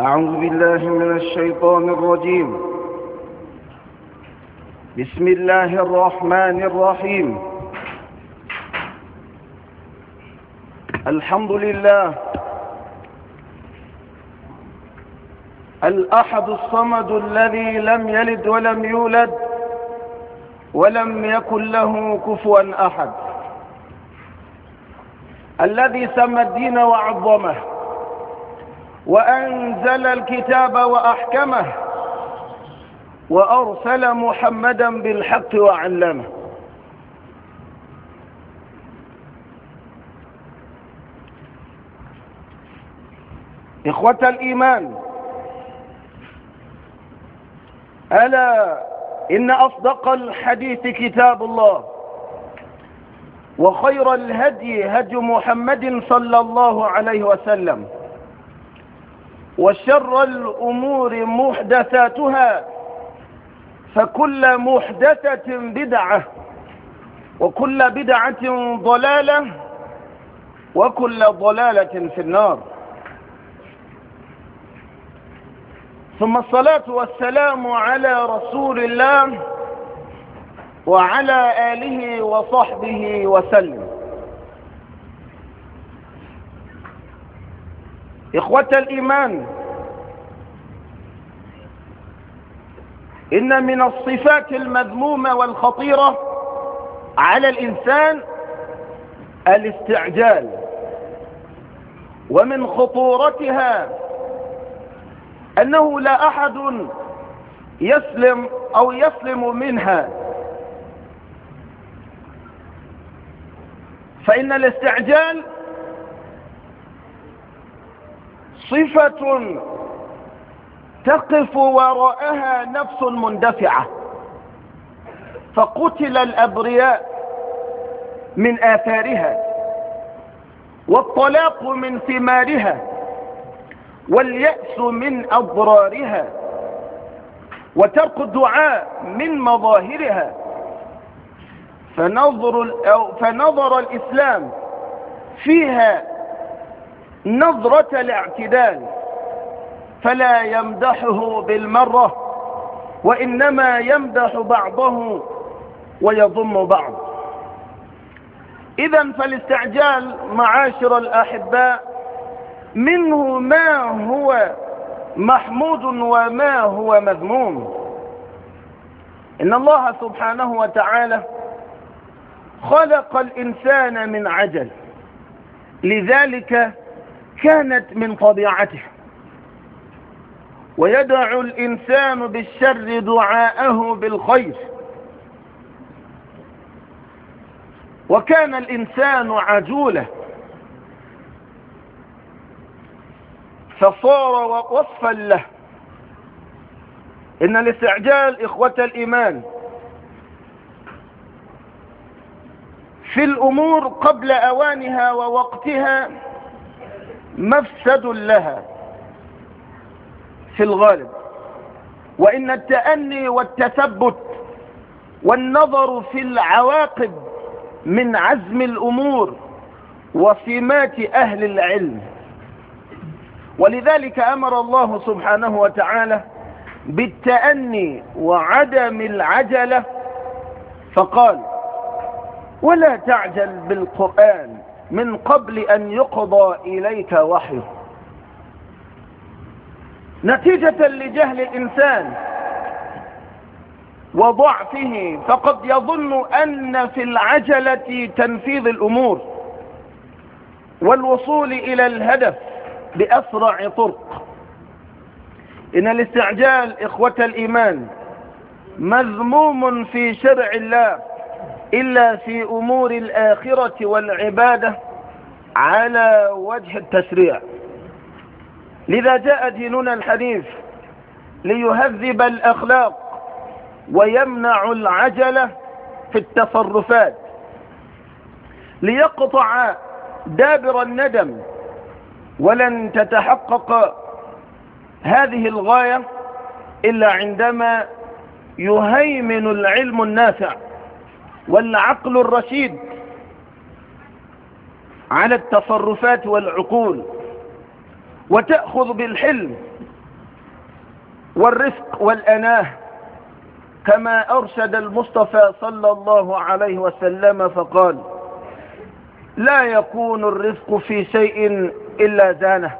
أعوذ بالله من الشيطان الرجيم بسم الله الرحمن الرحيم الحمد لله الأحد الصمد الذي لم يلد ولم يولد ولم يكن له كفوا أحد الذي سمى الدين وعظمه وأنزل الكتاب وأحكمه وأرسل محمدا بالحق وعلمه إخوة الإيمان ألا إن أصدق الحديث كتاب الله وخير الهدي هدي محمد صلى الله عليه وسلم وشر الأمور محدثاتها فكل محدثة بدعة وكل بدعة ضلالة وكل ضلالة في النار ثم الصلاة والسلام على رسول الله وعلى آله وصحبه وسلم إخوة الإيمان إن من الصفات المذمومة والخطيرة على الإنسان الاستعجال ومن خطورتها أنه لا أحد يسلم أو يسلم منها فإن الاستعجال صفة تقف وراءها نفس مندفعة فقتل الأبرياء من آثارها والطلاق من ثمارها واليأس من أضرارها وترك الدعاء من مظاهرها فنظر, فنظر الإسلام فيها نظرة الاعتدال فلا يمدحه بالمرة وإنما يمدح بعضه ويضم بعض إذا فالاستعجال معاشر الأحباء منه ما هو محمود وما هو مذموم إن الله سبحانه وتعالى خلق الإنسان من عجل لذلك كانت من طبيعته ويدع الإنسان بالشر دعاءه بالخير وكان الإنسان عجولة فصار وصفا له إن الاستعجال إخوة الإيمان في الأمور قبل أوانها ووقتها مفسد لها في الغالب وإن التأني والتثبت والنظر في العواقب من عزم الأمور وسمات أهل العلم ولذلك أمر الله سبحانه وتعالى بالتأني وعدم العجلة فقال ولا تعجل بالقرآن من قبل أن يقضى إليك وحيه نتيجة لجهل الإنسان وضعفه فقد يظن أن في العجلة تنفيذ الأمور والوصول إلى الهدف بأسرع طرق إن الاستعجال إخوة الإيمان مذموم في شرع الله إلا في أمور الآخرة والعبادة على وجه التشريع لذا جاء ديننا الحديث ليهذب الأخلاق ويمنع العجلة في التصرفات ليقطع دابر الندم ولن تتحقق هذه الغاية إلا عندما يهيمن العلم النافع والعقل الرشيد على التصرفات والعقول وتأخذ بالحلم والرفق والأناه كما أرشد المصطفى صلى الله عليه وسلم فقال لا يكون الرفق في شيء إلا زانه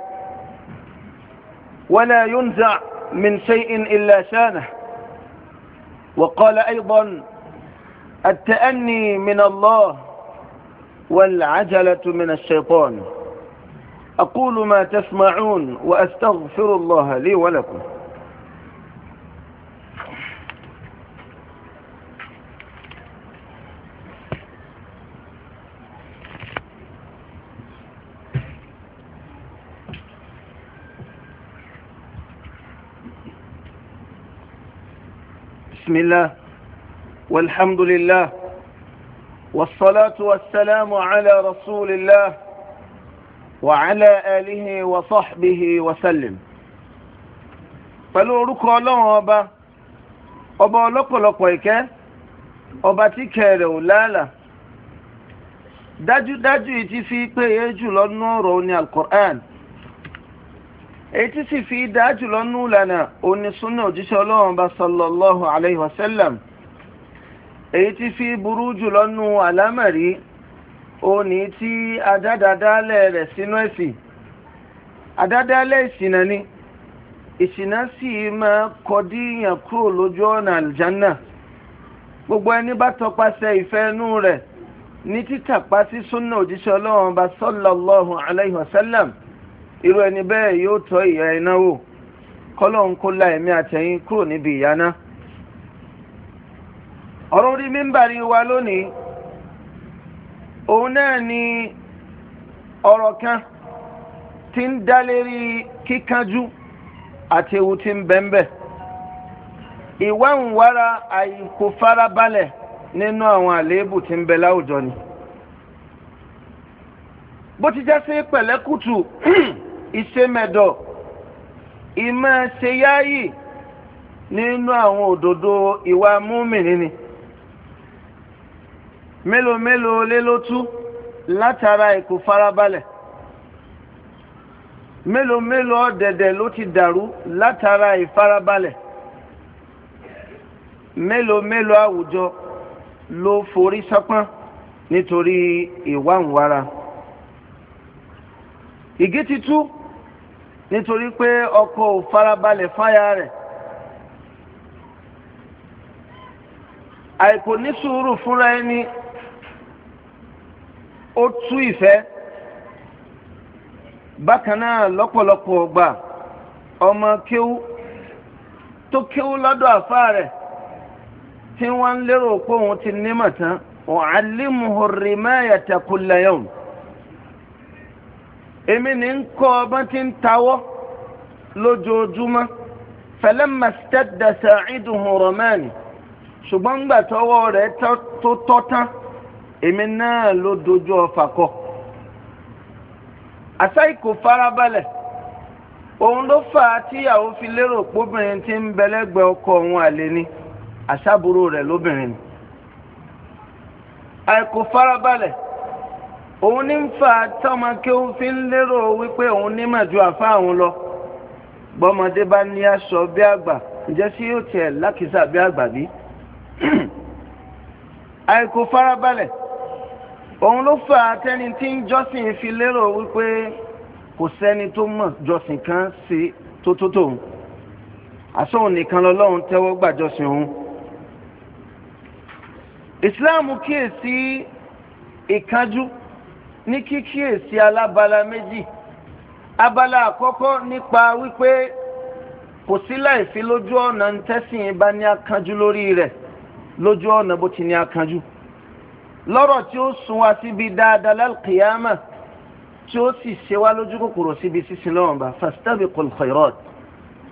ولا ينزع من شيء إلا شانه وقال أيضا التأني من الله والعجلة من الشيطان أقول ما تسمعون وأستغفر الله لي ولكم بسم الله والحمد لله والصلاة والسلام على رسول الله وعلى آله وصحبه وسلم pẹ̀lú orúkọ ọlọ́run ọba ọba ọlọ́pọ̀lọpọ̀ ìkẹ́ ọba tí kẹrẹ̀ ò láàlà dájúdájú yìí ti fi péye jùlọ nú ọ̀rọ̀ ní alukur'an èyí tí sì fi dáa jùlọ nú ìlànà onísúnà òjíṣẹ́ ọlọ́run ọba sallallahu alayhi wa sallam. èyí ti fi burú jùlọ nu àlámẹ̀rí òní tí adádadálẹ̀ rẹ̀ sínú ẹ̀sìn adádálẹ̀ Isina ni ìṣìnà sì máa kọdíyàn kúrò lójú ọ̀nà àlùjánà gbogbo ẹni bá tọpasẹ̀ ìfẹ́ inú rẹ̀ ní títàpá sí súnà òjíṣẹ́ ọlọ́run ọba sallallahu alayhi wa sallam irú ẹni bẹ́ẹ̀ yóò tọ́ ìyà emi wò kọ́lọ́hún kó la ẹ̀mí àtẹ̀yìn kúrò níbi náà. ọ̀rọ̀ orí mímbàrí wa lónìí òun náà ni ọ̀rọ̀ kan tí ń dá lérí kíkanjú àti ewu tí ń bẹ́ńbẹ́ ìwà ń wára àìkú farabalẹ̀ nínú àwọn àléébù tí ń bẹ láwùjọ ni bó ti já sí pẹ̀lẹ́kùtù ìṣemẹ̀dọ̀ ìmọ̀ ṣe yááyì nínú àwọn òdodo ìwà múmìnì ni mélòó mélòó lé ló tú látara ìkò farabalẹ̀ mélòó mélòó ọ̀dẹ̀dẹ̀ ló ti dàrú látara ìfarabalẹ̀ mélòó mélòó àwùjọ ló forí sápọ́n nítorí ìwàǹwara ìgé ti tú nítorí pé ọkọ ò farabalẹ̀ fáya rẹ̀ àìkò ní sùúrù fúnra ẹni ó tú ìfẹ́ bákan gba ọmọ kéwú tó kéwú a àfa rẹ̀ tí wọ́n lérò pé òun ti nímọ̀ tán ọ̀hálímù rìmáyàtà kùlẹ̀yọ̀n èmi ní ń kọ́ ọgbọ́n ń tawọ́ lójoojúmọ́ fẹlẹ́mà stẹ́dà sàáìdù hùrọ̀mẹ́ni ṣùgbọ́n gbà tọwọ́ rẹ̀ tó tọ́ tán. èmi náà ló dojú ọfà kọ àṣàì kò òun ló fà á tíyàwó fi lérò póbìnrin tí ń ọkọ òun àlè ni àṣàbúrò rẹ̀ lóbìnrin ni àìkò farabalẹ̀ òun ní ń fà á ma kí òun fi lérò wípé òun ju àfa òun lọ bọ́mọdé bá ní aṣọ bí àgbà ǹjẹ́ sí yóò tiẹ̀ lákìsà bí àgbà òun ló fà á tẹ́ni tí ń jọ́sìn fi lérò wípé kò sẹ́ni tó mọ̀ jọ́sìn kan ṣe tó tó tòun àsóhun nìkan lọ́lọ́run tẹ́wọ́ gbà jọ́sìn òun. ìsìláàmù kíyèsí ìkánjú ní kíkíyèsí alábala méjì abala àkọ́kọ́ nípa wípé kò sí láìfi lójú ọ̀nà ń tẹ́sìn bá ní akánjú lórí rẹ̀ lójú ọ̀nà bó ti ní akánjú. lọ́rọ̀ tí ó sun wa síbi dáadáa lálùkìyàmà tí ó sì ṣe wá lójú kòkòrò síbi sísin lọ́wọ́n bá fastabiqul khairat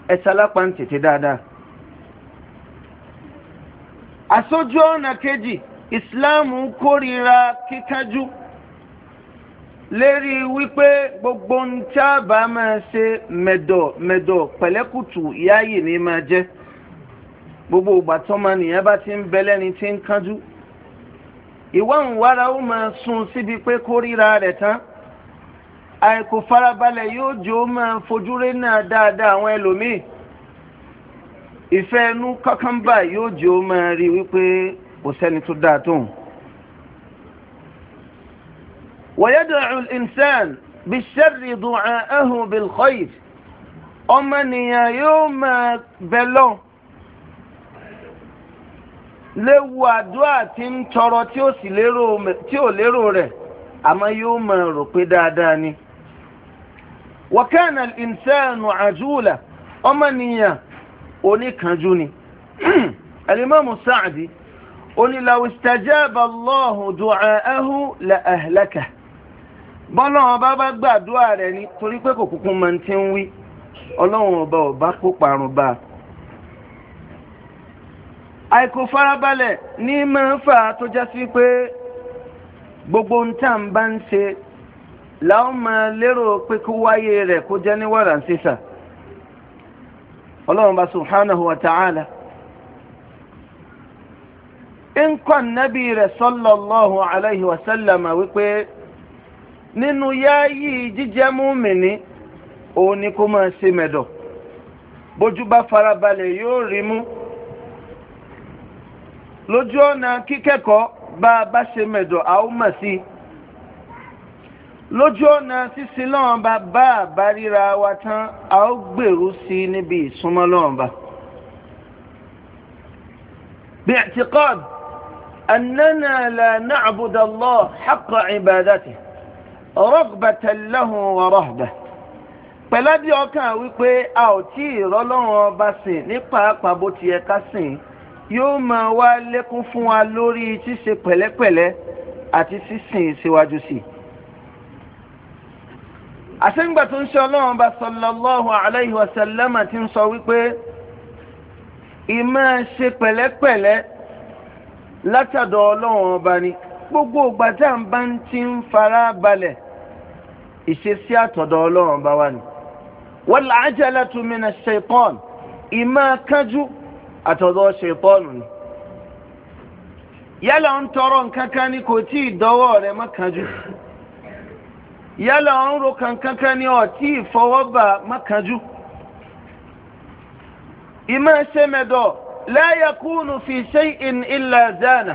ẹ sálápá ń tètè dáadáa. àsójú ọ̀nà kejì ìsìláàmù ń kórìíra kíkájú lérí wípé gbogbo ń tí a bá máa ṣe mẹ̀dọ̀ mẹ̀dọ̀ pẹ̀lẹ́kùtù yáàyè ní máa jẹ́ gbogbo ìgbà tó máa nìyẹn bá ti ń bẹ lẹ́ni tí ń kánjú. Iwan wara ó máa sun síbi pé kó rẹ̀ tán àìkò farabalẹ̀ yóò jẹ́ máa fojú rẹ̀ náà dáadáa àwọn ẹlòmíì ìfẹ́ inú kákánbà yóò jẹ́ máa rí wípé kò sẹ́ni tó dáa tóun. ويدعو yoo ma دعاءه léwu àdúrà tí ń tọrọ tí ò sì lérò tí ò lérò rẹ̀ àmọ́ yóò máa rò pé dáadáa ni. wa kana al-insanu ajula ọmọnìyàn oníkanjú ni. al-Imam Sa'di oni law istajaba Allahu du'aahu la ahlaka. bọ́lá ọba bá gbàdúrà rẹ̀ ni torí pé kò kúkú máa ń ti ń wí ọlọ́run ọba ọba kó parun bá Farabale n'ime gbogbo afa tujasikpe bogbotambasi lama lero okpekowaya irekujenwaa sisa ola subhantala inko nebire sọlọlọh aleghiasalam wekpe ninu ya yi jijemụmini onikomasimedo bojubafarabaleya orim lójú ọ̀nà kíkẹ́kọ̀ọ́ bá a bá ṣe mẹ̀dọ̀ a ó mọ̀ sí i lójú ọ̀nà sísìn lọ́wọ́n bá a bá ríra wa tán a ó gbèrú sí i níbi ìsúnmọ́ lọ́wọ́nba. باعتقاد أننا لا نعبد الله حق wípé a ò ọba sìn ní pàápàá bó yóò máa wá lékún fún wa lórí ṣíṣe pẹ̀lẹ́pẹ̀lẹ́ àti sísìn síwájú sí i. àṣẹ́ngbà tó ń ṣe ọlọ́run bá sallallahu alayhi wa sallam ti ń sọ wípé ìmọ̀ ṣe pẹ̀lẹ́pẹ̀lẹ́ látàdọ̀ ọlọ́run ọba ni gbogbo ìgbà tá à ń ti ń fara balẹ̀ ìṣesí àtọ̀dọ̀ ọlọ́run ọba wa ni. wal ajalatu mina shaytan ìmọ̀ kánjú àtọ̀dọ̀ ṣètọ́nù ni yálà ń tọrọ nǹkankan ni kò tí ì dọwọ́ rẹ̀ mọ́kànjú yálà ń ro kankankan ni ọ̀ tí ì fọwọ́ bà mọ́kànjú ìmọ̀ ṣe mẹ́dọ̀ láyà kúnnù fi ṣe in ilà zana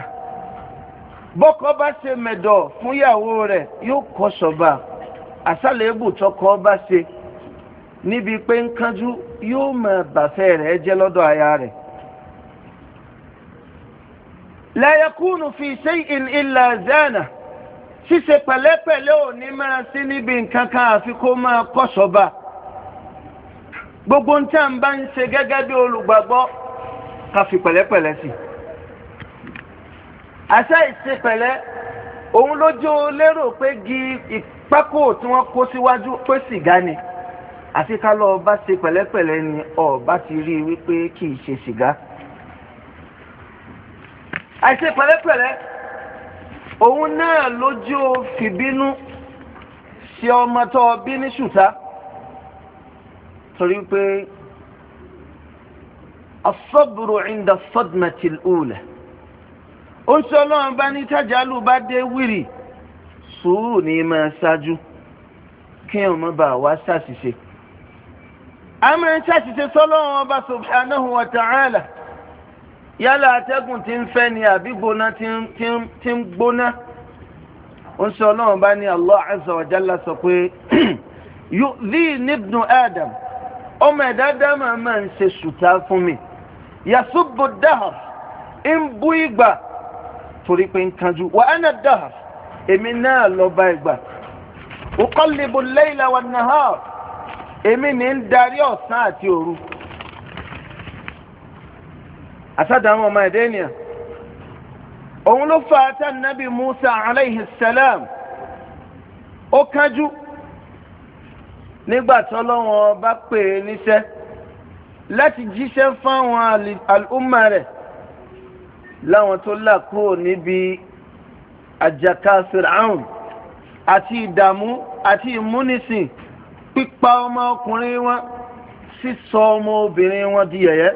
bọ́kọ bá ṣe mẹ́dọ̀ fúnyàwó rẹ̀ yóò kọ́ sọ̀bà àṣàlẹ́bù tọkọ bá ṣe níbi pé ń yóò máa bàfẹ́ rẹ̀ jẹ́ lọ́dọ̀ aya rẹ̀ la yakunu fi shay'in illa zana ṣíṣe pẹ̀lẹ́pẹ̀lẹ́ ò ní máa sí níbi nǹkan kan àfi kó máa kọ́sọ̀ba gbogbo nǹkan bá ń ṣe gẹ́gẹ́ bí olùgbàgbọ́ ká fi pẹ̀lẹ́pẹ̀lẹ́ sí i àṣà ìṣepẹ̀lẹ́ òun ló jó lérò pé gi ìpákò tí wọ́n kó síwájú pé sìgá ni àti ká lọ́ọ́ bá ṣe pẹ̀lẹ́pẹ̀lẹ́ ni ọ̀ọ́ bá ti rí i wípé kì í ṣe sìgá àìṣe pẹ̀lẹ́pẹ̀lẹ́ òun náà lójú fìbínú ṣe ọmọ tó bí ní ṣùtá torí pé asọ́bùrù ìndà sọ́dmẹ̀tì òòlẹ̀ ó ń sọ ọlọ́run bá ní tájàlú bá dé wìrì sùúrù ní máa ṣáájú kéèyàn má bàa wá ṣàṣìṣe. a ń ṣàṣìṣe sọ́lọ́run ọba subhanahu wa ta'ala yálà atẹ́gùn ti ń fẹ́ ni àbí gbóná ti ń gbóná ó ń sọ ọlọ́run bá ní Allah azza wa jalla sọ pé yu'dhini ibnu adam ọmọ ẹ̀dá dáàmà máa ń ṣe sùtá fún mi yasubbu dahar ń bú ìgbà torí pé ń kanjú wa ana dahar èmi náà lọ bá ìgbà uqallibu al-layla wan èmi ní ń darí ọ̀sán àti òru àsádàmú ọmọ ẹ̀dẹ́ ènìyàn òun ló fa ata nabi musa alayhi salam ó kánjú nígbà tí ọlọ́wọ́n bá pè é níṣẹ́ láti jíṣẹ́ fáwọn al'umma rẹ̀ láwọn tó là kúrò níbi àjàkà firaun àti ìdààmú àti ìmúnisìn pípa ọmọ ọkùnrin wọn sísọ ọmọ obìnrin wọn di yẹ̀yẹ́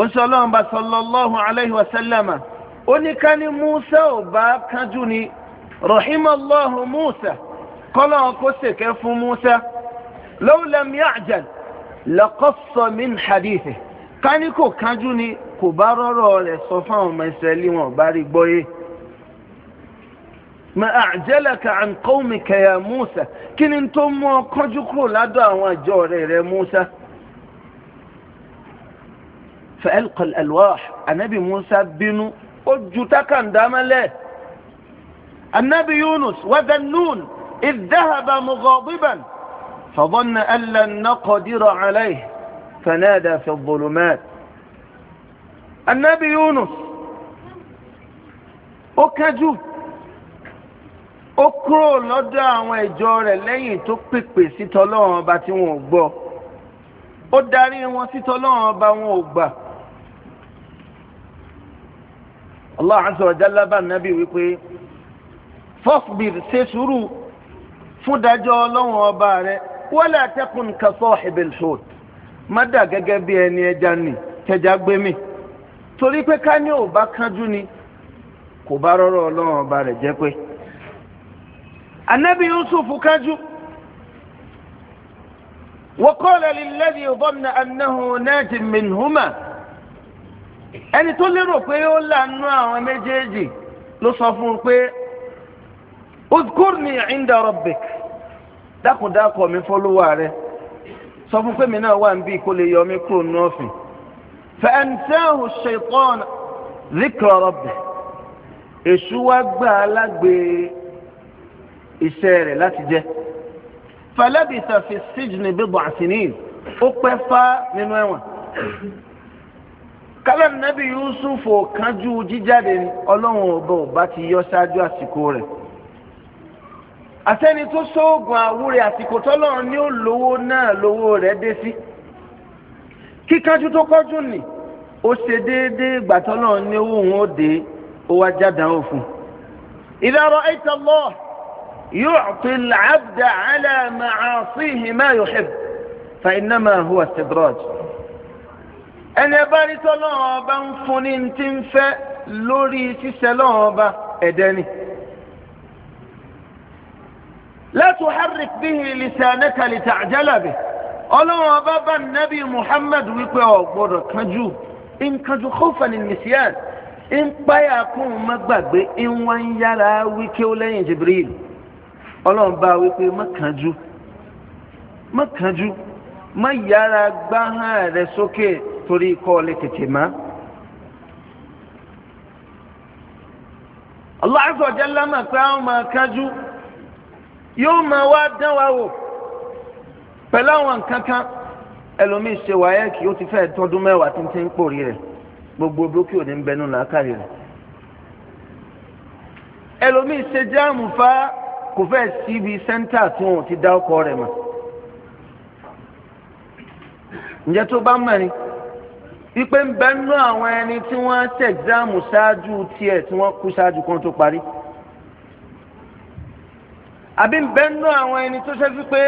oṣù ọlọ́run bá sallallahu alayhi wa sallama ó ní ká ní musa ò bá kánjú ni rahimallahu musa kọ́lọ́run kó ṣèké fún musa law lam ya'jal laqassa min hadithihi ká ní kò kánjú ni kò bá rọ́rọ̀ rẹ̀ sọ fún àwọn ọmọ ìsírẹ́lì wọn bá rí gbọ́ yé ma a'jalaka an qawmika ya musa kí ni tó mú ọ kánjú kúrò ládọ̀ àwọn àjọ rẹ̀ rẹ̀ musa. فألقى الألواح النبي موسى بنو أجتكا دمله النبي يونس وذنون إذ ذهب مغاضبا فظن أن لن نقدر عليه فنادى في الظلمات النبي يونس أكجو ó kúrò lọ́dọ̀ àwọn ìjọ rẹ̀ lẹ́yìn tó pèpè sí tọ́lọ́run ọba tí wọn ò gbọ́ ó darí wọn sí tọ́lọ́run ọba wọn ò gbà. Allah azza wa jalla bá nàbí wípé fasbir ṣe sùúrù fún dájọ́ ọlọ́run ọba rẹ wala takun ka sahibil hut má dà gẹ́gẹ́ bí ẹni ẹja nì tẹja gbé mi torí pé ká ní ò bá kánjú ni kò bá rọrọ ọlọ́run ọba rẹ jẹ́ pé anabi Yusuf kánjú wa qala lilladhi dhanna annahu najin minhuma ẹni tó lérò pé ó lànà àwọn méjèèjì ló sọ fún un pé uzkurni inda rabbik dákùndákọ̀ mi fọ́lọ́wà rẹ sọ fún pé mi náà wà níbí kó lè yọ mí kúrò ní ọ̀fìn fẹ́ẹ́ntẹ́hùn ṣètọ́n zikra rabbik èṣù wá gbà alágbe iṣẹ́ rẹ̀ láti jẹ́ falabitha fi sijni bid'a ó pẹ́ fá nínú ẹ̀wọ̀n kálá nàbí yusuf ò kánjú jíjáde ọlọ́run ọba ò bá ti yọ ṣáájú àsìkò rẹ̀ àtẹni tó sóògùn àwúre àsìkò tọ́lọ́run ní ó lówó náà lówó rẹ̀ dé sí kíkájú tó kọjú nì ó ṣe déédéé ìgbà tọ́lọ́run ní owó òun ó dé ó wá jáde àwọn òfin idha ra'ayta Allah yu'ti al-'abda 'ala ma'asihi ma yuhib fa innama huwa istidraj. ẹni ẹ bá rí ọba ń fún ní ti ń fẹ́ lórí ṣíṣẹ́ ọba ẹ̀dẹ́ ni. bihi lisanaka lita'jala bihi ọlọ́run ọba bá nàbí Muhammad wípé ọ̀ gbọ́dọ̀ kánjú ń kánjú khawfan nisyan kún un má gbàgbé ń ń yára wíkẹ́ ó lẹ́yìn Jibril bá wípé má má má yára torí kọ́ lè tètè má. Allah azza wa jalla mà pé àwọn máa kájú yóò máa wá dán wa wò pẹ̀lú àwọn nǹkan kan ẹlòmíì ṣe wáyé kí ó ti fẹ́ tọdún mẹ́wàá tí ń ti ń pòrí rẹ̀ gbogbo brókì òní ń bẹnu làákàrí rẹ̀ ẹlòmíì ṣe jáàmù fá kò fẹ́ síbi sẹ́ńtà tí wọn ti dá ọkọ rẹ̀ mọ̀ ǹjẹ́ tó bá mẹ́rin ipe ń bẹ nínú àwọn ẹni tí wọ́n tẹ̀ exam ṣáájú tiẹ̀ tí wọ́n kú ṣáájú kan tó parí àbí ń bẹ nínú àwọn ẹni tó ṣe wípé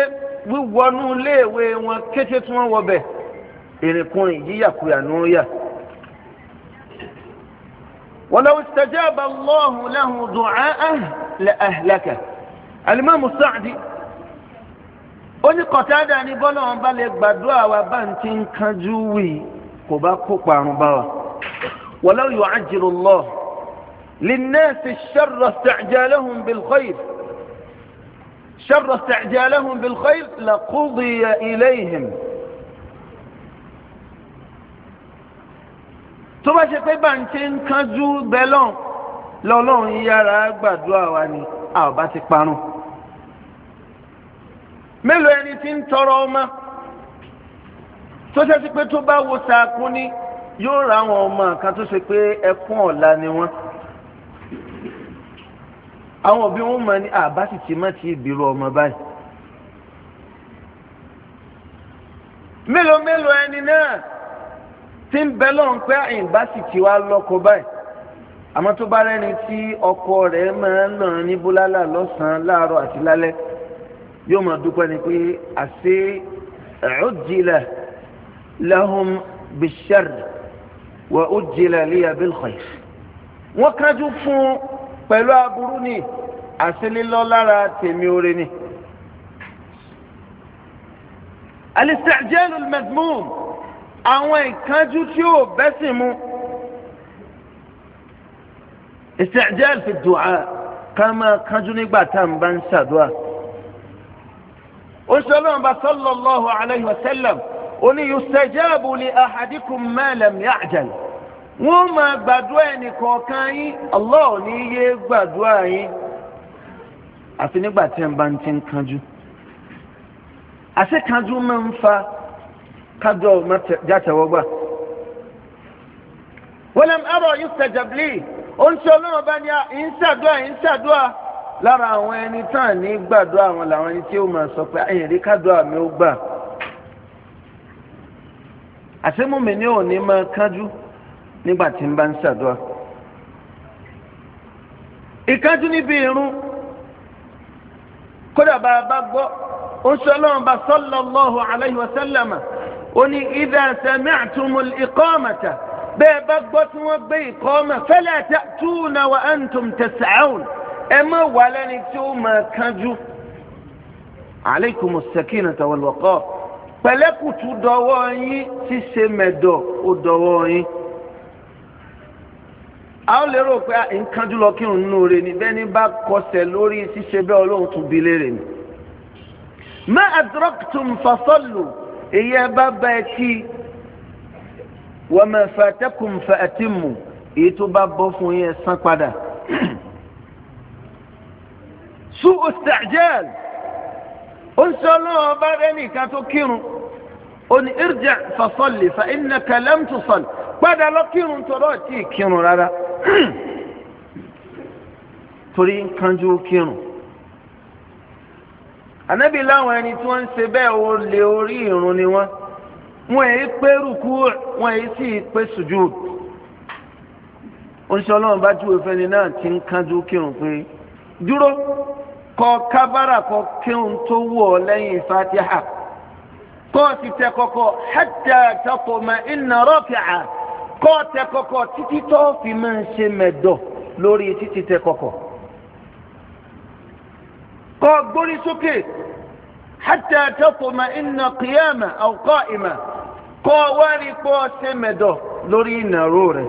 wíwọnú iléèwé wọn kété tí wọ́n wọbẹ̀ èrèkùnrin yíyàkuyà ní ó yà. ولو استجاب الله له دعاءه لأهلكه الإمام السعدي ó ní Qatada ní bọ́lá wọn bá lè gbàdúrà wa bá ń ti ń kanjú wí kò bá kó parun bá wa. walaw yu'ajjilu Allah linnasi sharra isti'jalahum bil khayr sharra isti'jalahum bil khayr laqudiya ilayhim. tó ṣe pé bá ń ṣe ń lọ́lọ́run yára gbàdúrà wa ni a bá ti parun. mélòó ẹni tí ń tọrọ ọmọ tó ṣẹ́sí pé tó bá wo saakún ní yóò ra àwọn ọmọ kan tó ṣe pé ẹkún ọ̀la ni wọ́n àwọn òbí wọn mọ ní àbá sì ti má ti bírú ọmọ báyìí mélòó mélòó ẹni náà tí ń bẹ lọ́n pé àyìnbá sì ti wá lọ́kọ báyìí àmọ́ tó bá rẹ́ni tí ọkọ rẹ̀ máa ń lọ ní búlálà lọ́sàn-án láàárọ̀ àti lálẹ́ yóò máa dúpẹ́ ni pé àṣé ẹ̀rọ jìlẹ̀ lahum bishar wa ujjila liya bilkhayr wọ́n kájú fún pẹ̀lú aburú ni àṣelélọ́ lára tèmi oore ni. alistajalul madmum àwọn ìkánjú tí ó bẹ́sìn mu istijal fi du'a ká máa kánjú nígbà tá à ń bá ń ṣàdúrà. ó ṣe ọlọ́run bá sallallahu alayhi wa ó ní yustajabu li ahadikum ma lam wọ́n máa gbàdúrà ẹnìkọ̀ọ̀kan yín Allah ní yé gbàdúrà yín àfi nígbà tí ẹ bá ń ti ń kánjú àṣekájú máa ń fa kájọ jàtẹ̀wọ́gbà wọ́n lẹ́m ẹ̀rọ ó ń ṣe olóòrùn bá ní ń ṣàdúrà lára àwọn ẹni tán ní gbàdúrà làwọn ẹni àsèmùmí ni ò ní máa kájú nígbà tí ń bá ń ṣàdúrà ìkájú níbi irun kódà bá a bá gbọ́ ó ń sọ lọ́wọ́n bá sallallahu alayhi wa sallam ó ní idha sami'tumul iqamata bẹ́ẹ̀ bá gbọ́ tí wọ́n gbé iqama fala ta'tuna wa antum tas'un ẹ má wà lẹ́ni tí ó máa kájú alaykumus sakinata wal waqar pẹ̀lẹ́kùtù dọwọ́ yín ṣíṣe mẹ̀dọ̀ ó dọwọ́ yín a ó lérò pé nǹkan jùlọ kírun nínú rẹ̀ ni bẹ́ẹ̀ ni bá kọsẹ̀ lórí ṣíṣe bẹ́ẹ̀ ọlọ́run tún bi léèrè ni. ma adraktum fasallu èyí ẹ bá bá ẹ kí wa ma fatakum èyí tó bá bọ́ fún yín ẹ san padà. su'u istijal ó ń sọ ọlọ́run ọba rẹ nìkan tó kírun ó ní irja fasalli fa innaka lam tusalli padà lọ kírun tọrọ tí ì kírun rárá torí kánjú kírun ànábì láwọn ẹni tí wọ́n ń ṣe bẹ́ẹ̀ ó lé orí irun ni wọ́n wọ́n èyí pé rúkú wọ́n èyí sì pé sùjúd oníṣẹ́ ọlọ́run bá júwe fẹ́ni náà ti ń kánjú kírun pé dúró kọ kábàrà kọ kírun tó wù ọ́ lẹ́yìn fatiha. kóòtù tẹ kọ́kọ́ hẹ́tẹ́ tọkọ mọ iná rọ́kìá kóòtù tẹ kọ́kọ́ títí tó fi máa ṣe mẹ́dọ̀ lórí títí tẹ kọ́kọ́ kọ́ gbórí sókè hẹ́tẹ́ tọkọ mọ iná kìyàmà ọ̀kọ́ ìmà kọ́ wárí kọ́ ṣe mẹ́dọ̀ lórí ìnáró rẹ̀.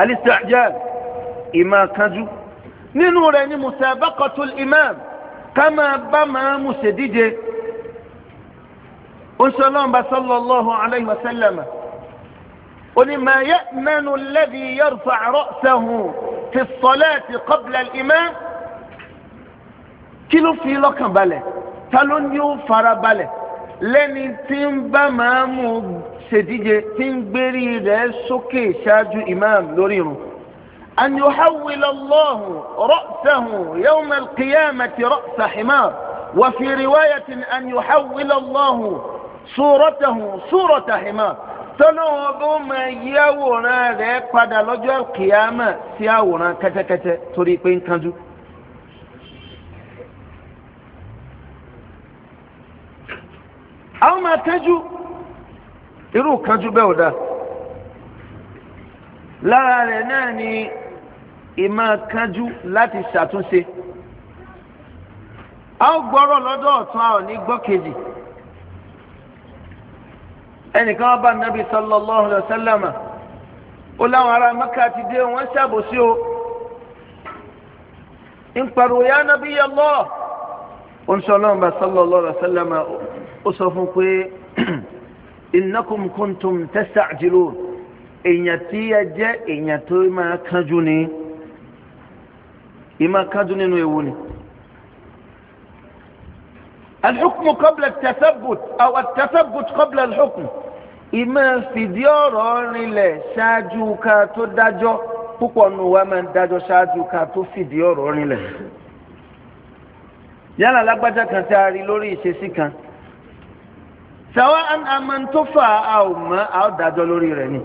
alistair jẹ́ ìmọ̀ kanjú nínú rẹ̀ ni musabakatul imam. ká máa bá máa mú ṣèdíje oṣooṣọ́lọ́mba sallallahu alayhi wa sallam oni ma ya'manu alladhi yarfa' ra'sahu fi as-salati qabla al-imam kí ló fi lọ́kàn balẹ̀ ta ló ní ó fara balẹ̀ lẹ́ni tí ń bá màámu ṣèdíje tí ń gbérí rẹ̀ sókè ṣáájú imam lórí irun. أن يحول الله رأسه يوم القيامة رأس حمار وفي رواية أن يحول الله صورته صورة حمار تنوضو من يونا ذاك بعد لجو القيامة سياونا كتا كتا تريقين كنزو أو ما كجو يرو كجو بودا لا لناني ìmọ̀ ma láti ṣàtúnṣe a ó gbọ́rọ̀ lọ́dọ̀ ọ̀tún a ò ní gbọ́ kejì ẹnìkan bá nàbí alaihi wasallam ó láwọn ará Mẹ́kà ti dé wọ́n ṣàbòsí o ń pariwo ya nabi ó ń sọ lọ́wọ́n bá sallallahu alaihi wasallam ó sọ fún pé kuntum tasta'jilun èèyàn tí ẹ jẹ́ èèyàn tó máa ni. ìmọ̀ kájú nínú ewu ni. الحكم قبل التثبت أو التثبت قبل الحكم ìmọ̀ fìdí ọ̀rọ̀ rinlẹ̀ ṣáájú ká tó dájọ́ púpọ̀ nù wá máa ń dájọ́ ṣáájú ká tó fìdí ọ̀rọ̀ rinlẹ̀. yálà lágbájá kan tí a rí lórí ìṣesí kan ṣàwọn àmọ́ tó fà á ò mọ́ a ó dájọ́ lórí rẹ̀ ni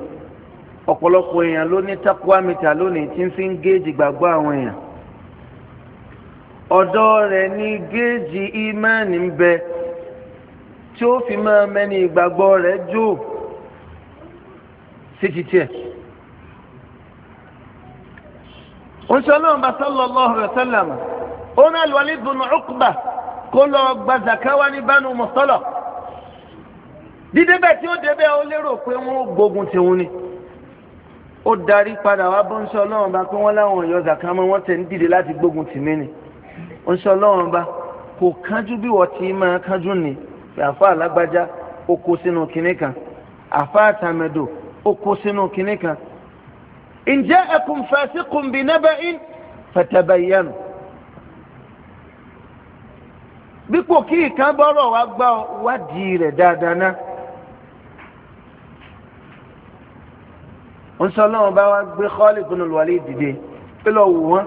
ọ̀pọ̀lọpọ̀ èèyàn ló ní takuwa lónìí tí ń fi ń géèjì gbàgbọ́ àwọn èèyàn ọ̀dọ̀ rẹ̀ ní géèjì ìmánì ń bẹ tí ó fi máa mẹ́ni ìgbàgbọ́ rẹ̀ jò sí títí ẹ̀. Ònṣọ́lọ́mùbá sallallahu alaihi wasallam ó náà Walid ibn Uqba kó lọ gba zakawa ní Banu Mustala. Dídébẹ̀ tí ó débẹ̀ ó lérò pé wọ́n ó gbógun tiwọn ni. Ó darí padà wá bó bá pé wọ́n láwọn ọ̀yọ́ zakawa wọ́n tẹ̀ ń dìde láti gbógun tì mí ni ó ń sọ ọlọ́run bá kò kánjú bí wọ́n ti máa kánjú ni pé àfa alágbájá ó kó sínú kinní kan àfa àtàmẹ̀dò ó kó sínú kinní kan. in ja'akum fasiqun binaba'in fatabayyanu. dípò kí ìkan bọ́rọ̀ wá gbá ọ wádìí rẹ̀ dáadáa ná. ń sọ ọlọ́run bá wá gbé Khalid bin Walid dìde pé lọ́ọ́ wò wọ́n.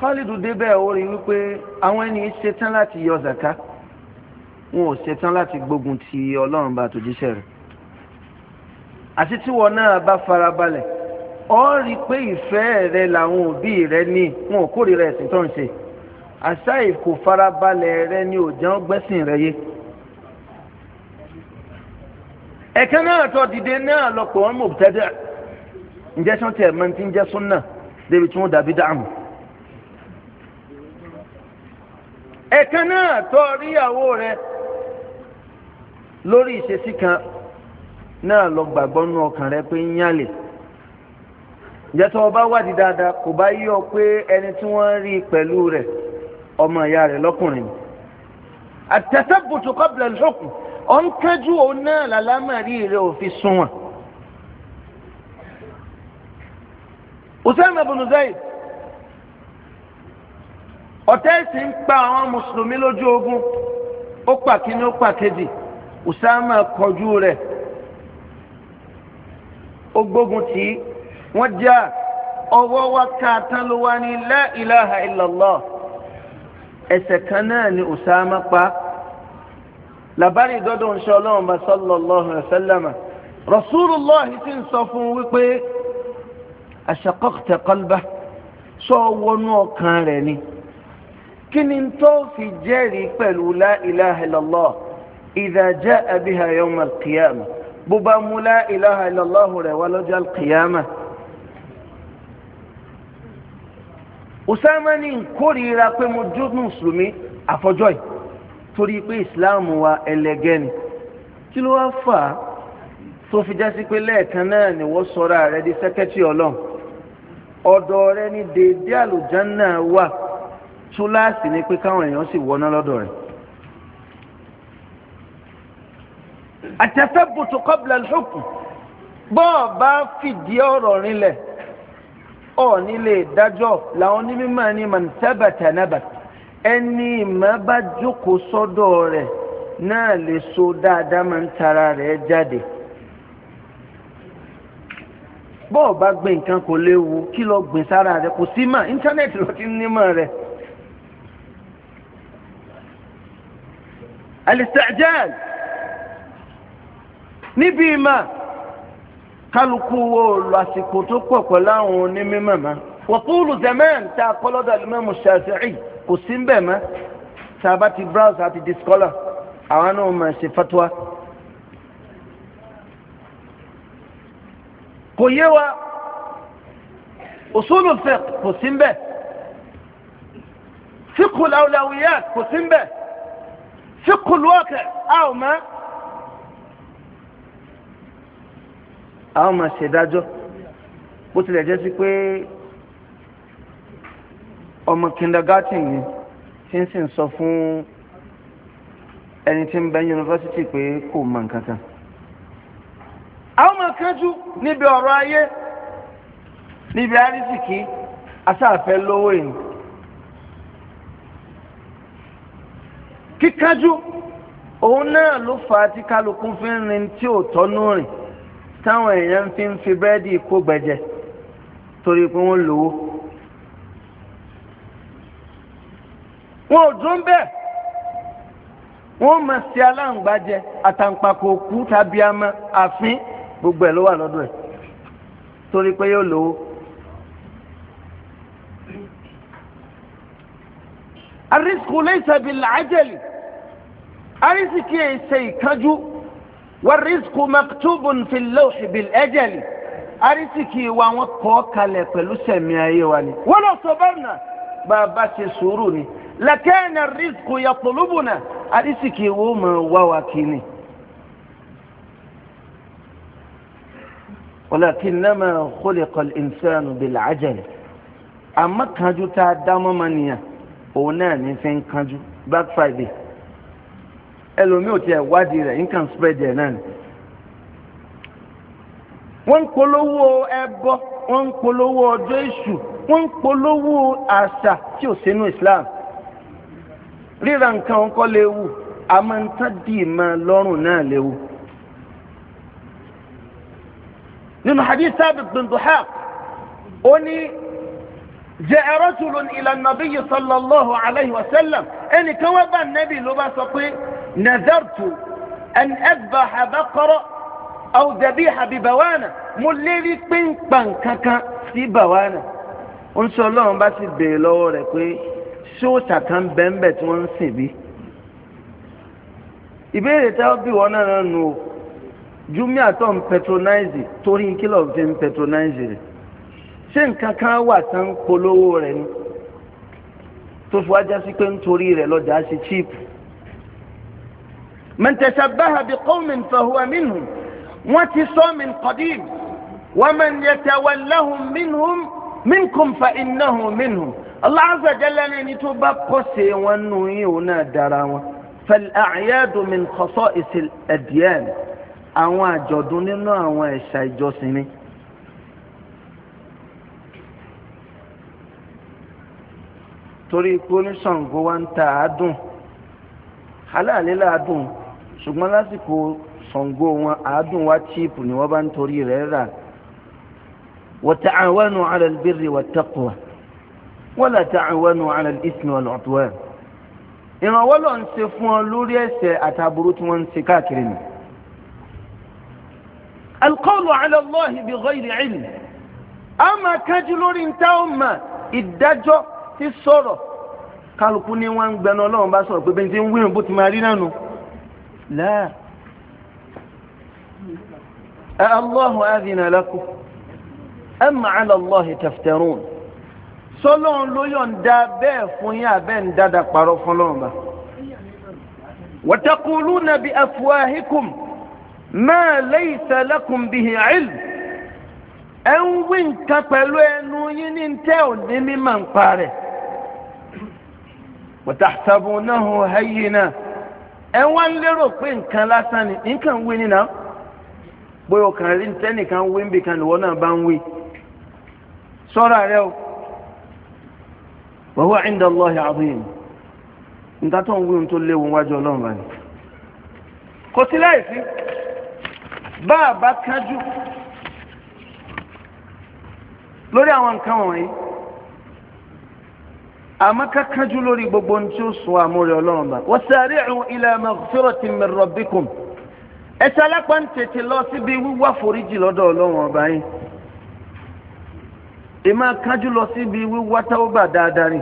Khalidu débẹ̀ ó rí wípé àwọn ẹni ṣetán láti yọ zaka wọn ò ṣetán láti gbógun ti ọlọ́run bá tòjíṣẹ́ rẹ̀ àti tíwọ náà bá farabalẹ̀ ó rí pé ìfẹ́ rẹ làwọn òbí rẹ ní wọn ò kórìíra ẹ̀sìn tó ń ṣe àṣà ìkò farabalẹ̀ rẹ ni ò jẹun gbẹ́sìn rẹ yé ẹ̀ka náà tó dìde náà lọ́pọ̀ wọn mọ̀ tẹ́tẹ́ ǹjẹ́ sọ́tẹ̀ ẹ̀ máa ti débi tí wọ́n dàbí dáàmú. ẹ̀kan náà tó rí ìyàwó rẹ lórí ìṣesí kan náà lọ gbàgbọ́ nú ọkàn rẹ pé ń yálè ìjẹ́ tó o bá wádìí dáadáa kò bá yí ọ pé ẹni tí wọ́n rí pẹ̀lú rẹ ọmọ ìyá rẹ lọ́kùnrin àtẹ̀sẹ̀bùtù kọ́bìlẹ̀ lọ́kùn ọ̀ ń kẹ́jú òun náà làlámàrí rẹ ò fi sunwọ̀n. Usama bin ọ̀tẹ̀ sì ń pa àwọn mùsùlùmí lójú ogun ó pa kíní ó pa kejì Usama kọjú rẹ̀ ó gbógun tì í wọ́n já ọwọ́ wa ká tán ló wá ní la ilaha illallah ẹsẹ̀ kan náà ni Usama pa labari dọ́dọ̀ ń ṣe ọlọ́run bá sallallahu alaihi ti ń sọ fún wípé ashaqaqta qalbah sọ wọnú ọkàn rẹ̀ ni kí ni tó fi jẹ́rìí pẹ̀lú la ilaha illallah idha jaa biha yawm al-qiyamah bó bá mú la ilaha illallah rẹ̀ wá lọ́jọ́ al-qiyamah. Usama ní nkórìíra pé mo jó mùsùlùmí àfọjọ́ yìí torí pé ìsìláàmù wa ẹlẹgẹ́ ni kí ló wá fà á tó fi já pé lẹ́ẹ̀kan náà ni wọ́n sọra rẹ̀ di sẹ́kẹ́tì ọlọ́run ọ̀dọ̀ rẹ̀ ni dèédé àlùjánnà wà túláàsì ni pé káwọn èèyàn sì wọná lọ́dọ̀ rẹ̀. àtẹ̀fẹ́bùtù kọ́bìlà lókùn bọ́ọ̀ bá fìdí ọ̀rọ̀ rinlẹ̀ ọ̀ọ́ni lè dájọ́ làwọn onímọ̀ ni mọ̀nsábàtà nábà ẹni ìmọ̀ bá jókòó sọ́dọ̀ rẹ̀ náà lè so dáadáa máa ń tara rẹ̀ jáde. bọ́ọ̀ bá gbé nǹkan kò léwu kí lọ gbìn sára rẹ̀ kò sí mà íńtánẹ́ẹ̀tì ló ti ń nímọ̀ rẹ̀. alistajan níbi ìmọ̀ kálukú wo lásìkò tó pọ̀ pẹ̀lú àwọn onímọ̀ mọ́ wọ́púlù zaman tá a kọ́ lọ́dọ̀ alimami Shafi'i kò sí mbẹ̀ mọ́ tá a bá ti browse àti discola àwọn náà máa ṣe fatwa. kò yé wa usulu fiqh kò sí mbẹ̀ fiqhul awlawiyat kò sí mbẹ̀. فقه الواقع أو ما أو ما ṣèdájọ́ bó tilẹ̀ jẹ́ sí pé ọmọ kindergarten ni tí ń sì ń sọ fún ẹni tí ń bẹ yunifásitì pé kò mọ nǹkan kan àwọn ọmọ kánjú níbi ọ̀rọ̀ ayé níbi àrísìkí asáàfẹ́ lówó yìí kíkájú òun náà ló fà á tí kálukú fi ń rin tí ò tọ́nú rìn táwọn èèyàn fi ń fi búrẹ́dì kó gbẹ̀jẹ̀ torí pé wọ́n lówó. wọn ò dún bẹ́ẹ̀ wọ́n máa ṣe aláǹgbájẹ àtàǹpàkò òkú tàbí àmọ́ àfín gbogbo ẹ̀ ló wà lọ́dọ̀ ẹ̀ torí pé yóò lówó. الرزق ليس بالعجل الرزق سيكج والرزق مكتوب في اللوح بالأجل الرزق وانوكوك يا أيواني ولو صبرنا بابا سوروني لكان الرزق يطلبنا الرزق وما وواكيني ولكنما خلق الإنسان بالعجل أما كهجو تعدام منيه òun náà ní fi ń kanjú black friday ẹlòmíì ò tiẹ̀ wádìí rẹ̀ nǹkan spread ẹ̀ náà ni. wọ́n ń polówó ẹbọ wọ́n ń polówó ọjọ́ èṣù wọ́n ń polówó àṣà tí ò sínú islam ríra nǹkan ọkọ léwu àmọ́ nǹkan dì mọ́ lọ́rùn náà léwu. nínú hadith sábẹ̀ gbẹ̀ndùn ó ní. جاء رجل إلى النبي صلى الله عليه وسلم أن كواب النبي لباسطي نذرت أن أذبح بقرة أو ذبيحة ببوانة مليلي بين بانكاكا في بوانة إن شاء الله بس بيلورة كوي شو تكن بمبت ونسبي ìbéèrè tẹ́ ọ́ bí wọn náà nù ó jumia tó ń patronize torí kí lọ́ọ́ fi ń patronize rẹ̀ ṣé nǹkan kan wà tá ń polówó rẹ̀ ni tó fi wájá sí pé nítorí rẹ̀ lọ́jà ṣe cheap. man tashabbaha bi qawmin fahuwa minhum wọ́n ti sọ min qadim wa man yatawallahum minhum minkum fa innahu minhum. Allah azza jalla ni tó bá kọ́sẹ̀ wọn nù yín òun náà dára wọn. fal a'yadu min khasa'is al-adyan àwọn àjọ̀dún nínú àwọn ẹ̀ṣà ìjọsìn ni. torí pé oníṣàngó wa ń ta àádùn aláàlẹ́ làádùn ṣùgbọ́n lásìkò ṣàngó wọn àádùn wa chíìpù ni wọ́n bá ń torí rẹ̀ rà wa ta'awanu 'ala al-birri wat-taqwa wa la ta'awanu 'ala al-ithmi wal-'udwan ìrànwọ́ ló ń ṣe fún ọ lórí ẹ̀ṣẹ̀ àtàbúrú tí wọ́n ń ṣe káàkiri ni. alqawlu ala Allahi bighayri ilm a máa kájú lórí ìdájọ́ ti sọ̀rọ̀ kálukú ní wọn ń gbẹnu ọlọ́run bá sọ̀rọ̀ pé bẹ́ẹ̀ ti ń wíwọ̀n bó ti máa rí náà láà ẹ allahu allah taftarun sọlọ́run ló yọ̀ǹda bẹ́ẹ̀ fún yín abẹ́ ń dáadáa parọ́ fún ọlọ́run bá. وتقولون بأفواهكم ما ليس لكم به علم ẹ ń wí nǹkan pẹ̀lú ẹnu yín ní tẹ́ وتحسبونه هينا ẹ wá ń lérò pé nǹkan lásán ni nǹkan wí nínà bóyá ọkàn rí tẹnìkan wí níbi kan ìwọ náà bá ń wí sọ́ra rẹ o wa huwa inda Allahi azim nǹkan tó ń wí ohun tó léwu wájú ọlọ́run bá ní. kò sí láìsí bá a bá kájú lórí àwọn nǹkan wọ̀nyí. àmọ́ ká kájú lórí gbogbo ohun tí ó sọ àmúrè ọlọ́run bá wasari'u ila maghfiratin min rabbikum ẹ ṣe alápá ń tètè lọ síbi wíwá foríjì lọ́dọ̀ ọlọ́run ọba yín ìmọ̀ kájú lọ síbi wíwá táwọ́gbà dáadáa ni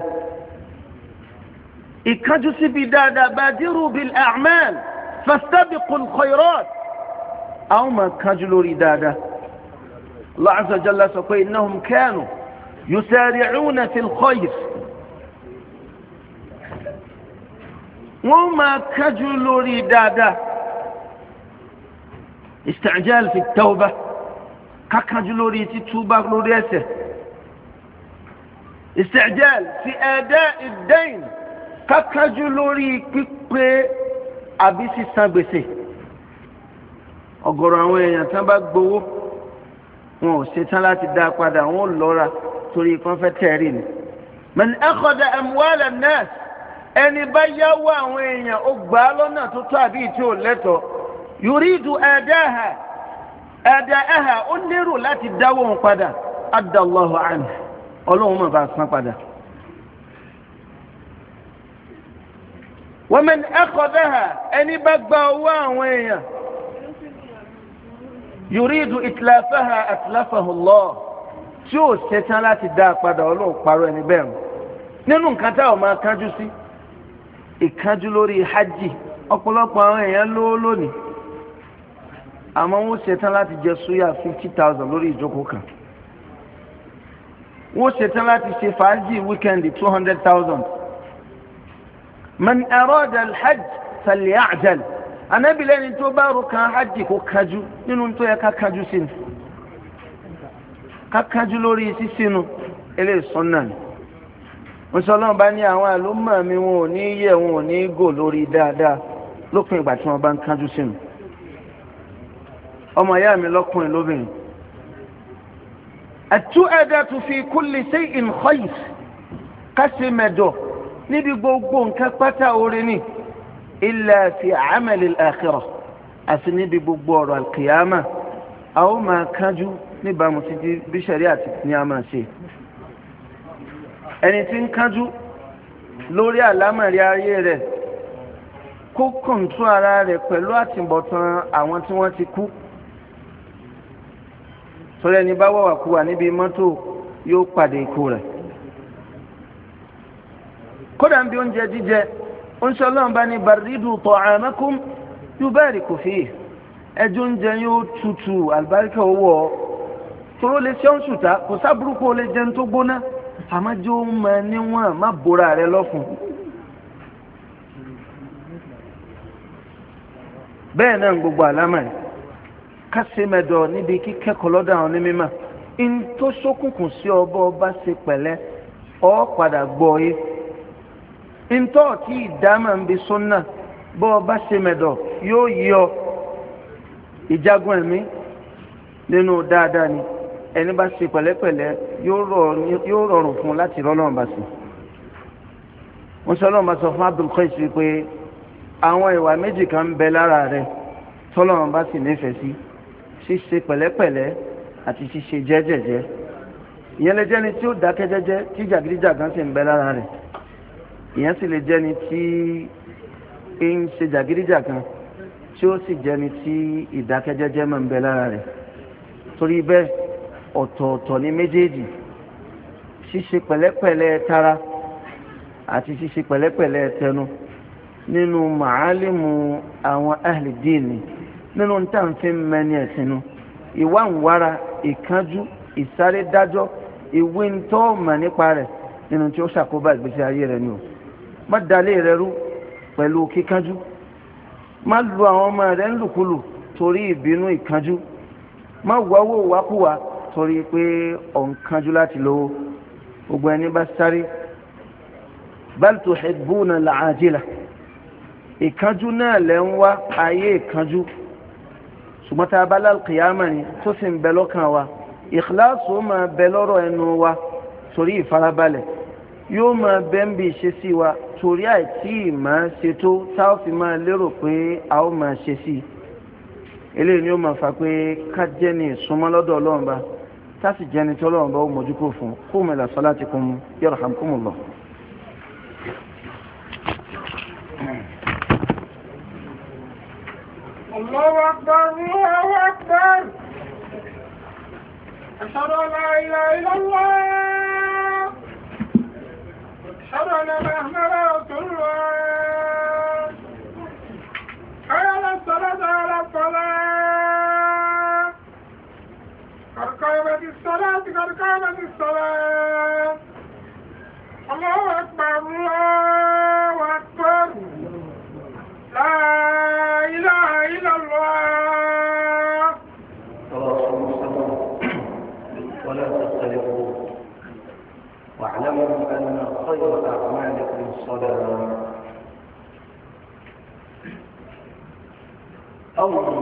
ìkájú síbi dáadáa badiru bil a'mal fastabiqul khayrat àwọn máa kájú lórí dáadáa Allah azza jalla sọ pé innahum kanu yusari'una fil khayr. wọ́n máa kájú lórí dáadáa istajal fi tawba kákájú lórí títúbà lórí ẹ̀ṣẹ̀ istajal fi ẹ̀dá ìdẹ́yìn kákájú lórí pípé àbí sísan gbèsè ọ̀gọ̀rọ̀ àwọn èèyàn tán bá gbowó wọn ò ṣetán láti dá a padà wọn ò lọ́ra torí kan fẹ́ tẹ̀rí ni. man akhada amwala an-nas. ẹni bá yáwó àwọn èèyàn ó gbà á lọ́nà tó tọ́ àbí tí ò lẹ́tọ̀ọ́ yuridu ẹ̀dáhà ẹ̀dáhà ó lérò láti dáwó òun padà adàlọ́hù àná ọlọ́run mọ̀ bá a san padà. wọ́n mẹ́ni ẹ̀kọ́ ẹni bá gba owó àwọn èèyàn yuridu ìtìláfàhà àtìláfàhùn lọ tí ó ṣetán láti dá a padà ọlọ́run parọ́ ẹni bẹ́ẹ̀ mu nínú nǹkan táwọn máa kánjú sí. Si ìkánjú lórí hajj ọ̀pọ̀lọpọ̀ àwọn èèyàn lówó lónìí àmọ́ wọ́n ṣetán láti jẹ súyà fifty thousand lórí ìjókòó kan wọ́n ṣetán láti ṣe fàájì wíkẹ́ndì two hundred thousand man arada alhajj falya'jal anábìlẹ́ni tó bá rò kan hajj kó kájú nínú tó yẹ ká kájú sínú ká kájú lórí sísínú eléyìí sọ́nà ni. nsọlọ́run bá ní àwọn àlùmọ́ mi wọn ò ní yẹ wọn ò ní gò lórí dáadáa lópin ìgbà tí wọ́n bá ń kánjú sí mi ọmọ ìyá mi lọ́kùnrin lóbìnrin ẹ̀tú ẹ̀dá tó fi kulli shay'in khayr kásì mẹ́jọ níbi gbogbo nǹkan pátá orí ni illa fi amali al àti níbi gbogbo ọ̀rọ̀ al a ó máa kánjú níbàámu títí bí àti ní a máa ṣe ẹni tí ń kánjú lórí àlámọ̀rí ayé rẹ̀ kó kọ̀ǹtún ara rẹ̀ pẹ̀lú àtìbọ̀tán àwọn tí wọ́n ti kú torí ẹni bá wàwàkuwà níbi mọ́tò yóò pàdé ikú rẹ̀ kódà ń bí oúnjẹ jíjẹ oúnjẹ ọlọ́run bá ní bàrídù ta'amakum yubariku fi ẹjọ́ oúnjẹ yóò tutù àlùbáríkà owó ọ toró lè ṣe ń ṣùtà kò sábúrúkú ó jẹun tó gbóná. àmọ́jọ́ máa níwọ̀n má bora rẹ lọ́fun. bẹ́ẹ̀ náà gbogbo àlámà yìí kásìmẹ́dọ̀ níbi kíkẹ́kọ̀ọ́ lọ́dọ̀ àwọn onímọ̀ in tó ṣókùnkùn sí ọba ṣe pẹ̀lẹ́ ọ padà gbọ́ yé ń bi sọ́nà bọ́ ọba ẹni bá ṣe pẹ̀lẹ́pẹ̀lẹ́ yóò rọrùn fún un láti rọ́lọ́run bá sí. wọ́n sọ lọ́run bá sọ fún Abdul Qais pé àwọn ìwà méjì kan ń bẹ lára rẹ̀ tọ́lọ́run bá sì nífẹ̀ẹ́ sí ṣíṣe pẹ̀lẹ́pẹ̀lẹ́ àti ṣíṣe jẹ́jẹ̀jẹ́ ìyẹn lè jẹ́ni tí ó dákẹ́ jẹ́jẹ́ tí jàgídíjàgan sì ń bẹ lára rẹ̀ ìyẹn sì lè jẹ́ni tí ń ṣe jàgídíjàgan tí ó sì jẹ́ni tí ìdákẹ́ jẹ́jẹ́ máa ń bẹ lára rẹ̀ torí bẹ́ẹ̀ ọ̀tọ̀ọ̀tọ̀ ní méjèèjì ṣíṣe pẹ̀lẹ́pẹ̀lẹ́ tara àti ṣíṣe pẹ̀lẹ́pẹ̀lẹ́ tẹnu nínú màálìmù àwọn ahlìdíìnì nínú ntàǹfin mẹ́ni ẹ̀sìn nu ìwà ńwara ìkánjú ìsárédájọ́ ìwé ńtọ́ mà nípa rẹ̀ nínú tí ó ṣàkóbá ìgbésí ayé rẹ̀ ni o má dalé rẹ rú pẹ̀lú kíkánjú má lu àwọn ọmọ rẹ ńlùkulù torí ìbínú ìkánjú má wáwó wákúwàá torí pé ọ̀nkánjú láti lówó gbogbo ẹni bá sáré bal tuhibbuna al-ajila ìkánjú náà lẹ́ ń wá ayé ìkánjú ṣùgbọ́n tá a bá lálùkìyàmà ni tó sì ń bẹ lọ́kàn wa ìkìláàsù máa bẹ lọ́rọ̀ ẹnu wa torí ìfarabalẹ̀ yóò máa bẹ ń bí ṣe sí wa torí àìtí máa ṣètò tá a fi máa lérò pé a ó máa ṣe sí i eléyìí ni ó máa fà pé ká jẹ́ ní ìsúnmọ́ lọ́dọ̀ ọlọ́run bá tasi jẹni tí ọlọ́run bá ó mójú kó fún qumu ila salatikum yarhamkumullah. الله أكبر الله أكبر أشهد أن لا إله إلا الله أشهد أن محمدا رسول الله حي على الصلاة على الصلاة قد الصلاة الله أكبر الله أكبر لا إله إلا الله ولا تختلفوا واعلموا أن خير أعمالكم الصلاة أول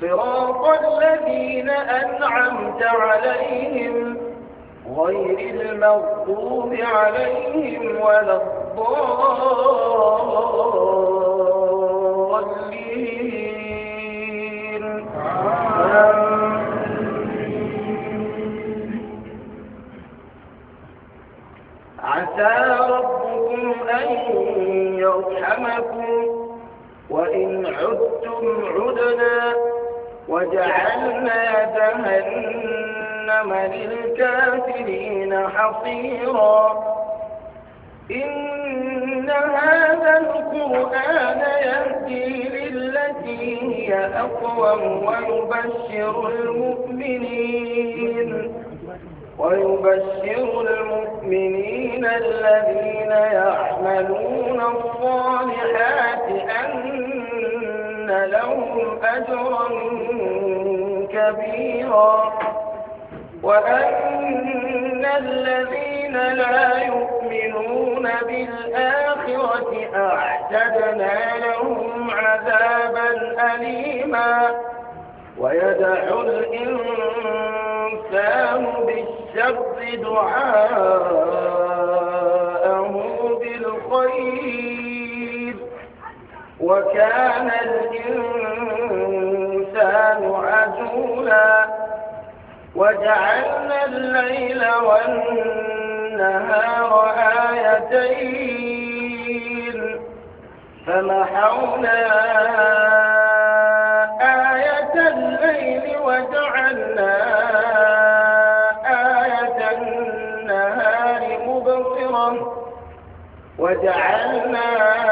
صراط الذين أنعمت عليهم غير المغضوب عليهم ولا الضالين عسى ربكم أن يرحمكم وإن عدتم عدنا وجعلنا جهنم للكافرين حصيرا إن هذا القرآن يهدي للتي هي أقوم ويبشر المؤمنين ويبشر المؤمنين الذين يعملون الصالحات أن لهم أجرا كبيرا وأن الذين لا يؤمنون بالآخرة أعتدنا لهم عذابا أليما ويدعو الإنسان بالشر دعاءه بالخير وكان الإنسان عجولا وجعلنا الليل والنهار آيتين فمحونا آية الليل وجعلنا آية النهار مبصرا وجعلنا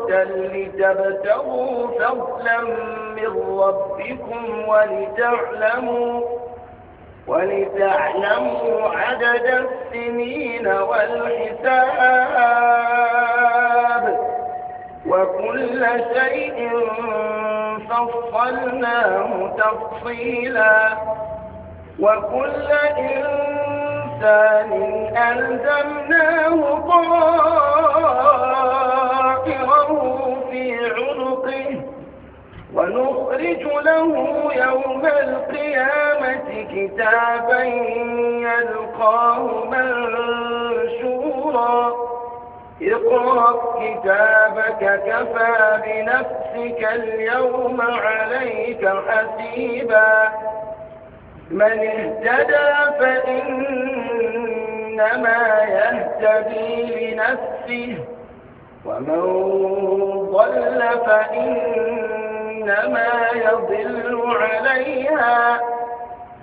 لتبتغوا فضلا من ربكم ولتعلموا ولتعلموا عدد السنين والحساب وكل شيء فصلناه تفصيلا وكل إنسان ألزمناه طائرا في عنقه ونخرج له يوم القيامة كتابا يلقاه منشورا اقرأ كتابك كفى بنفسك اليوم عليك حسيبا من اهتدى فإنما يهتدي لنفسه ومن ضل فإنما يضل عليها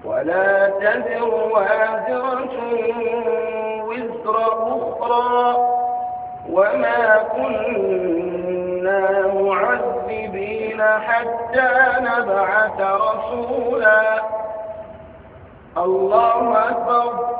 ولا تذر وازرة وزر أخرى وما كنا معذبين حتى نبعث رسولا الله أكبر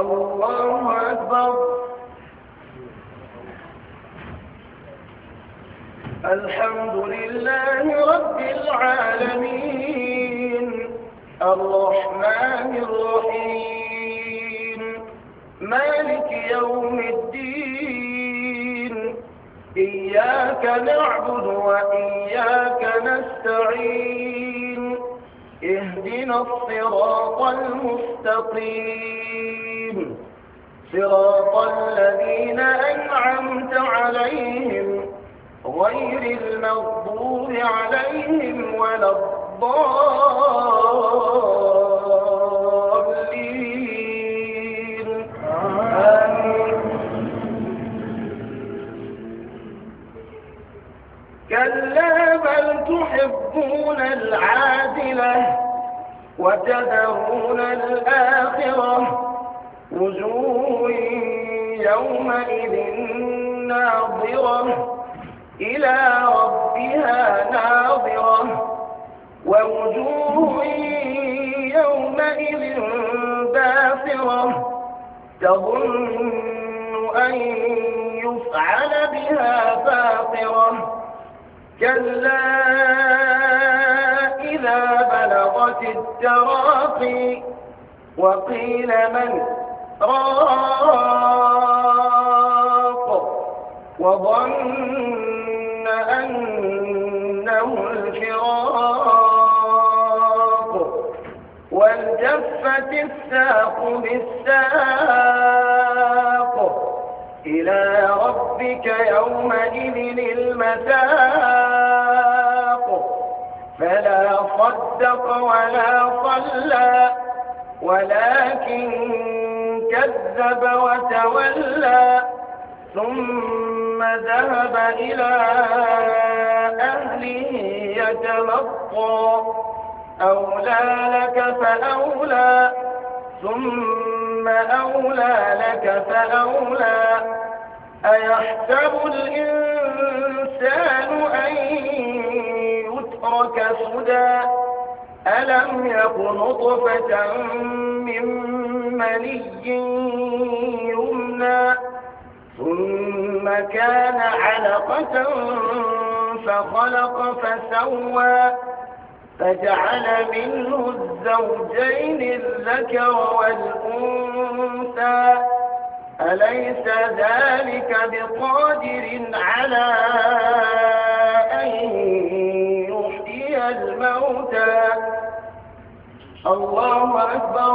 الله أكبر الحمد لله رب العالمين الرحمن الرحيم مالك يوم الدين إياك نعبد وإياك نستعين اهدنا الصراط المستقيم صراط الذين أنعمت عليهم غير المغضوب عليهم ولا الضالين يومئذ ناظرة إلى ربها ناظرة ووجوه يومئذ باسرة تظن أن يفعل بها فاقرة كلا إذا بلغت التراقي وقيل من رأى وظن أنه الفراق والتفت الساق بالساق إلى ربك يومئذ المساق فلا صدق ولا صلى ولكن كذب وتولى ثم ذهب إلى أهله يتلقى أولى لك فأولى ثم أولى لك فأولى أيحسب الإنسان أن يترك سدى ألم يك نطفة من مني يمنى ثم كان علقة فخلق فسوى فجعل منه الزوجين الذكر والأنثى أليس ذلك بقادر على أن يحيي الموتى الله أكبر